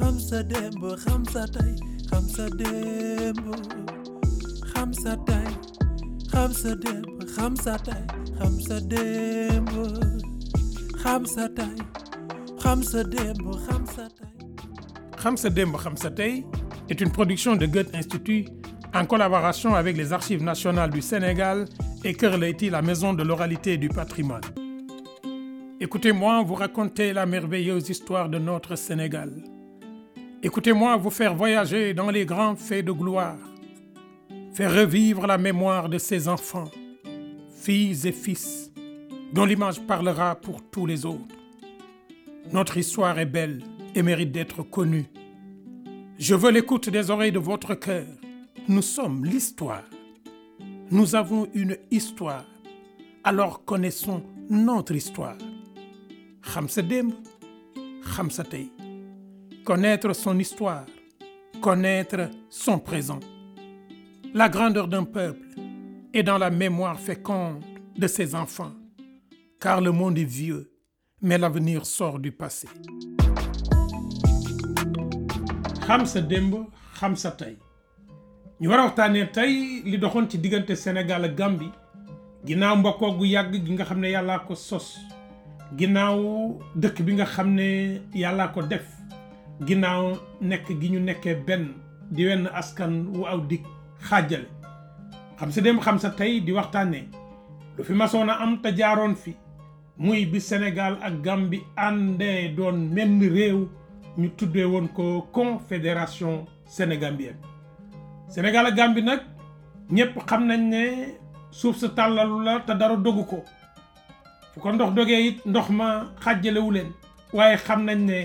xam sa démb xam xam sa démb xam sa tey xam est une production de Goethe Institut en collaboration avec les Archives nationales du Sénégal et Kër Leyti, la maison de l'oralité et du patrimoine. Écoutez-moi vous raconter la merveilleuse histoire de notre Sénégal. Écoutez-moi vous faire voyager dans les grands faits de gloire, faire revivre la mémoire de ces enfants, filles et fils, dont l'image parlera pour tous les autres. Notre histoire est belle et mérite d'être connue. Je veux l'écoute des oreilles de votre cœur. Nous sommes l'histoire. Nous avons une histoire. Alors connaissons notre histoire. xam sa démb sa tey connaître son histoire, connaître son présent. La grandeur d'un peuple est dans la mémoire féconde de ses enfants, car le monde est vieux, mais l'avenir sort du passé. xam sa démb xam sa tey ñu war a tey li doxoon ci diggante Sénégal ak Gambie ginnaaw mbokkoo gu yàgg gi nga xam ne yàllaa ko sos ginnaaw dëkk bi nga xam ne yàllaa ko def ginnaaw nekk gi ñu nekkee benn di wenn askan wu aw dig xaajale xam si dem xam sa tey di waxtaane lu fi masoon a am te jaaroon fi muy bi senegal ak gàmbi àndee doon menn réew ñu tuddee woon ko confédération sénégambienne Sénégal ak Gambie nag ñépp xam nañ ne suuf sa tàllalu la te dara dogu ko fu ko ndox dogee it ndox ma xàjjalewu leen waaye xam nañ ne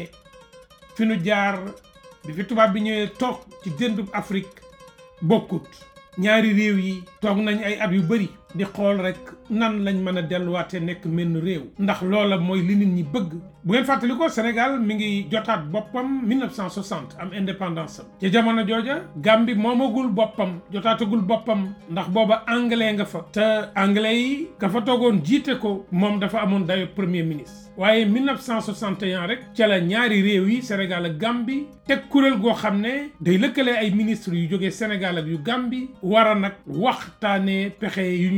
fi nu jaar bi fi tubaab bi ñëwee toog ci dëndub Afrique bokkut ñaari réew yi toog nañu ay at yu bari di xool rek nan lañ mën a delluwaatee nekk menn réew ndax loola mooy li nit ñi bëgg bu ngeen fàttali ko Sénégal mi ngi jotaat boppam 1960 am indépendance am ci jamono jooja Gambie moomagul boppam jotaatagul boppam ndax booba anglais nga fa te anglais yi ka fa toogoon jiite ko moom dafa amoon dayo premier ministre waaye 1961 rek ca la ñaari réew yi Sénégal ak Gambie teg kuréel goo xam ne day lëkkale ay ministres yu jógee Sénégal ak yu Gambie war nag waxtaanee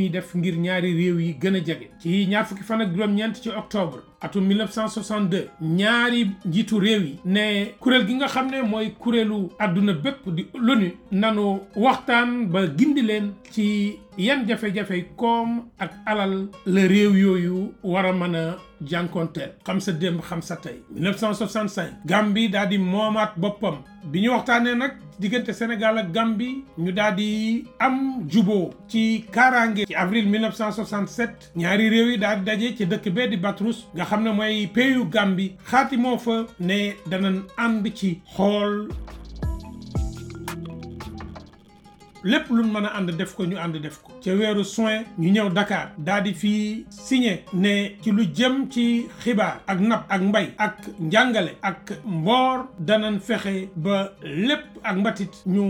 ñuy def ngir ñaari réew yi gën a jege ci ñaar fukki fan ak juróom-ñeent ci octobre atum 1962 ñaari njiitu réew yi ne kuréel gi nga xam ne mooy kuréelu adduna bépp di l'ONU nanu waxtaan ba gindi leen ci yan jafe-jafe koom ak alal la réew yooyu war a a jànkonteel xam sa démb xam sa tey 1965 Gambie daal di moomaat boppam bi ñu waxtaanee nag diggante Sénégal ak Gambie ñu daal di am juboo ci kaaraange ci avril 1967 ñaari réew yi daal di daje ci dëkk bee di nga xam ne mooy peeyu Gambie xaati moo fa ne danañ ànd ci xool lépp luñ mën a ànd def ko ñu ànd def ko ca weeru soin ñu ñëw dakaar daal di fii signé ne ci lu jëm ci xibaar ak napp ak mbay ak njàngale ak mboor danan fexe ba lépp ak mbatit ñu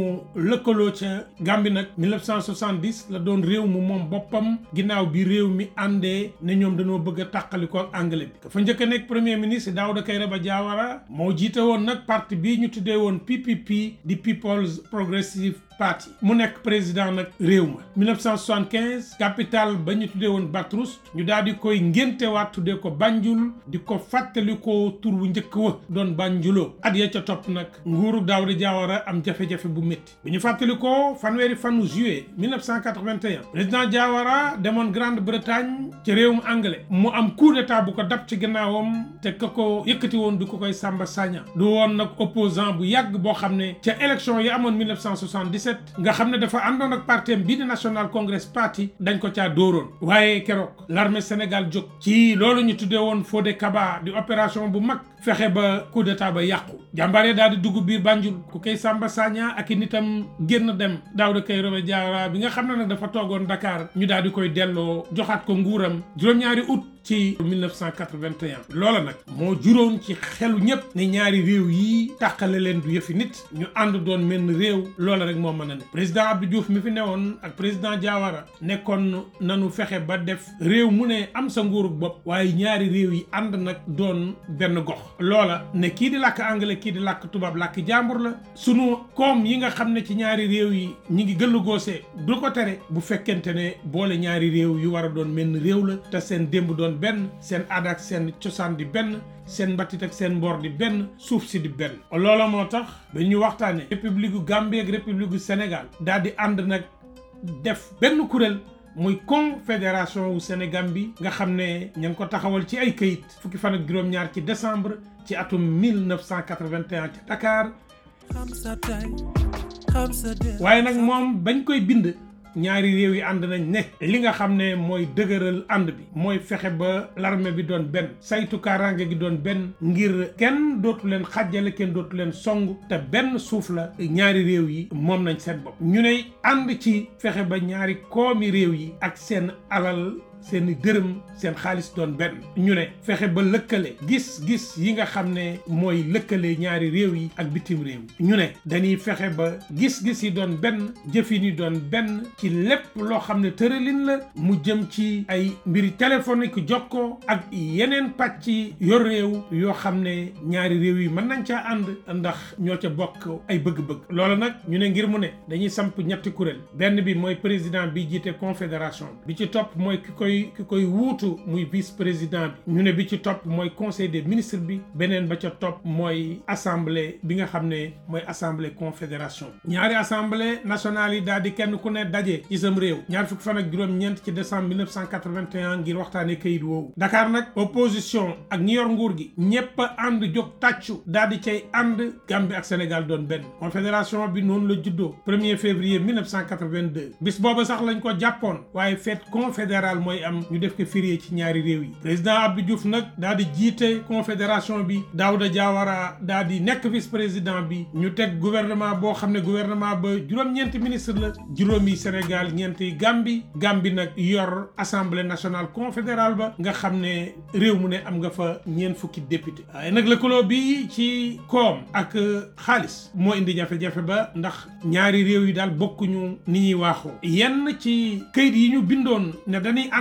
lëkkaloo ca Gàmbi nag 1970 la doon réew mu moom boppam ginnaaw bi réew mi àndee ne ñoom danoo bëgg a tàqalikoo ak anglais bi fa njëkk a nekk premier ministre Daouda a Diawara moo jiite woon nag parti bi ñu tuddee woon PPP di People's Progressive Party mu nekk président nag réew ma 1975 capital ba ñu tuddee woon Batroust ñu daal di koy ngéntewaat tuddee ko Banjul di ko fàttali ko tur wu njëkk wa doon Banjuloo at ca topp nag nguuru Daouda Diawara am jafe-jafe bu métti bu ñu fàttali ko fanweeri fanu juillet 1981 président Diawara demoon Grande-Bretagne ci réewum anglais mu am coup d'état bu ko dab ci gannaawam te ka ko yëkkati woon du ko koy Samba Sagna du woon nag opposant bu yàgg boo xam ne ca élection yi amoon 1977 2017 nga xam ne dafa àndoon ak partem bii di National Congress Party dañ ko caa dóoroon waaye keroog l'armée Sénégal jóg ci loolu ñu tuddee woon Fodé Kaba di opération bu mag fexe ba coup d'état ba yàqu jàmbaare daal di dugg biir Banjul ku koy Samba Sagna ak i nitam génn dem Daouda Kayró Diawara bi nga xam ne nag dafa toogoon Dakar ñu daal di koy delloo joxaat ko nguuram juróom-ñaari août ci 1981 loola nag moo juróom ci xelu ñëpp ni ñaari réew yi tàqale leen du yëfi nit ñu ànd doon menn réew loola rek moom mën a ne président Abdou Diouf mi fi newoon ak président Diawara nekkoon nanu fexe ba def réew mu ne am sa nguurug bopp waaye ñaari réew yi ànd nag doon benn gox loola ne kii di làkk anglais kii di làkk tubaab làkk jàmbur la sunu koom yi nga xam ne ci ñaari réew yi ñu ngi gëllu goosee du ko tere bu fekkente ne boole ñaari réew yu war a doon menn réew la te seen démb doon doon benn seen aada ak seen cosaan di benn seen mbatit ak seen mboor di benn suuf si di benn loola moo tax ba ñu waxtaanee république gu Gambie ak république gu Sénégal daal di ànd nag def benn kuréel muy confédération wu bi nga xam ne ña ngi ko taxawal ci ay kayit fukki fan ak juróom-ñaar ci décembre ci atum 1981 ci Dakar waaye nag moom bañ koy bind ñaari réew yi ànd nañ ne li nga xam ne mooy dëgëral ànd bi mooy fexe ba l'armée bi doon benn saytu kaaraange gi doon benn ngir kenn dootu leen xajale kenn dootu leen song te benn suuf la ñaari réew yi moom nañ seen bopp ñu ne ànd ci fexe ba ñaari koomi réew yi ak seen alal seen dërëm seen xaalis doon benn ñu ne fexe ba lëkkale gis-gis yi nga xam ne mooy lëkkale ñaari réew yi ak bitim réew ñu ne dañuy fexe ba gis-gis yi doon benn jëfin yi doon benn ci lépp loo xam ne tëralin la mu jëm ci ay mbir mbiri téléphonique jokkoo ak yeneen pàcc yor réew yoo xam ne ñaari réew yi mën nañ caa ànd ndax ñoo ca bokk ay bëgg-bëgg loolu nag ñu ne ngir mu ne dañuy samp ñetti kuréel benn bi mooy président bi jiite confédération bi ci topp koy ki koy wuutu muy vice président bi ñu ne bi ci topp mooy conseil des ministres bi beneen ba ca topp mooy assemblée bi nga xam ne mooy assemblée confédération ñaari assemblée nationale yi daal di kenn ku ne daje ci sam réew ñaar fukki fan ak juróom-ñeent ci décembre 1981 ngir waxtaanee kayit woowu Dakar nag opposition ak ñi yor nguur gi ñëpp a ànd jóg tàccu daal di cay ànd Gambie ak Sénégal doon benn confédération bi noonu la juddoo 1er février 1982 bis booba sax lañ ko jàppoon mooy am ñu def ko férié ci ñaari réew yi président Abdou Diouf nag daal di jiite confédération bi Daouda Diawara daal di nekk vice président bi ñu teg gouvernement boo xam ne gouvernement ba juróom-ñeenti ministre la juróomi Sénégal ñeenti Gambie Gambie nag yor assemblée nationale confédérale ba nga xam ne réew mu ne am nga fa ñeent fukki député waaye nag lëkkaloo bi ci koom ak xaalis moo indi jafe-jafe ba ndax ñaari réew yi daal bokkuñu ni ñuy waaxoo yenn ci kayit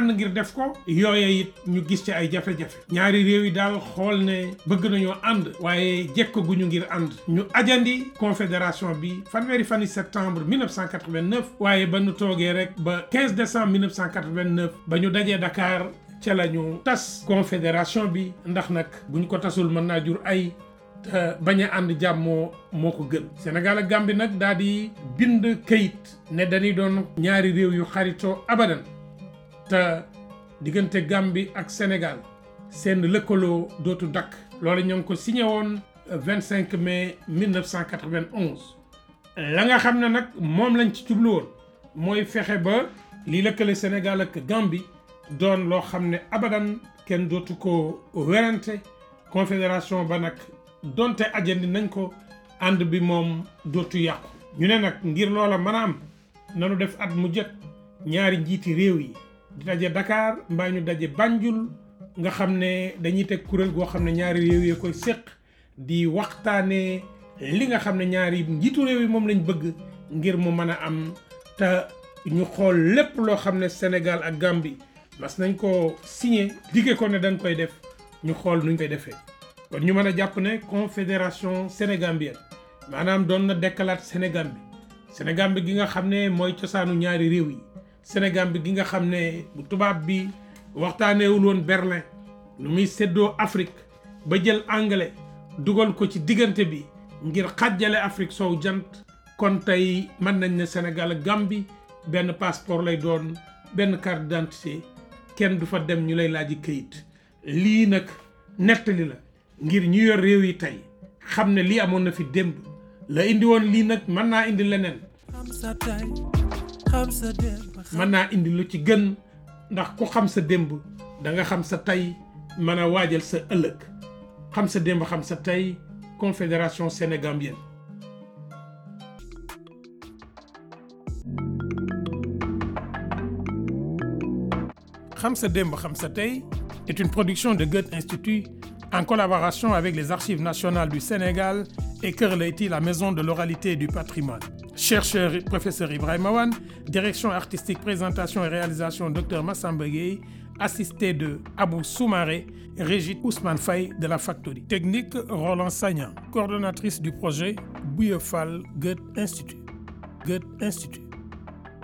tànn ngir def ko yooye it ñu gis ci ay jafe-jafe ñaari réew yi daal xool ne bëgg nañoo ànd waaye jekko gu ñu ngir ànd ñu ajandi confédération bi fanweeri fani septembre 1989 waaye ba nu toogee rek ba 15 décembre 1989 ba ñu dajee dakaar ca la ñu tas confédération bi ndax nag bu ñu ko tasul mën naa jur ay te bañ a ànd jàmmoo moo ko gën Sénégal ak Gambie nag daal di bind këyit ne dañuy doon ñaari réew yu xaritoo abadan te diggante Gambie ak Sénégal seen lëkkaloo dootu dakk loolu ñoo ngi ko signé woon 25 mai 1991 la nga xam ne nag moom lañ ci jublu woon mooy fexe ba li lëkkale Sénégal ak Gambie doon loo xam ne abadan kenn dootu ko werante confédération ba nag donte ajandi nañ ko ànd bi moom dootu yàqu ñu ne nag ngir loola mën a am def at mu ñaari njiiti réew yi daje Dakar mbaa ñu daje Banjul nga xam ne dañuy teg kuréel goo xam ne ñaari réew yee koy séq di waxtaane li nga xam ne ñaari njiitu réew yi moom lañ bëgg ngir mu mën a am te ñu xool lépp loo xam ne Sénégal ak Gambie mas nañ ko signe digge ko ne dañ koy def ñu xool nuñ koy defee kon ñu mën a jàpp ne confédération sénégambienne maanaam doon na dekkalaat sénégal Sénégambie Sénégambie gi nga xam ne mooy cosaanu ñaari réew yi Sénégal bi gi nga xam ne bu tubaab bi waxtaaneewul woon Berlin lu muy séddoo Afrique ba jël anglais dugal ko ci diggante bi ngir xàjjale Afrique soow jant kon tey mën nañ ne Sénégal ak Gambie benn passeport lay doon benn carte d'identité kenn du fa dem ñu lay laaji këyit lii nag nettali la ngir ñu yor réew yi tey xam ne lii amoon na fi démb la indi woon lii nag mën naa indi leneen. mën naa indi lu ci gën ndax ku xam sa démb da nga xam sa tey mën a waajal sa ëllëg xam sa démb xam sa tey confédération sénégambienne Xam sa démb xam sa tey est une production de Goethe Institut en collaboration avec les Archives nationales du Sénégal et Kër la maison de l'oralité et du patrimoine. Chercheur et professeur Ibrahima Wane, direction artistique, présentation et réalisation docteur Massamba Gueye, assisté de Abou Soumaré, Régit Ousmane Faye de la Factory. Technique Roland Sagnan, coordonnatrice du projet Bouye Fall Goethe Institut. Goethe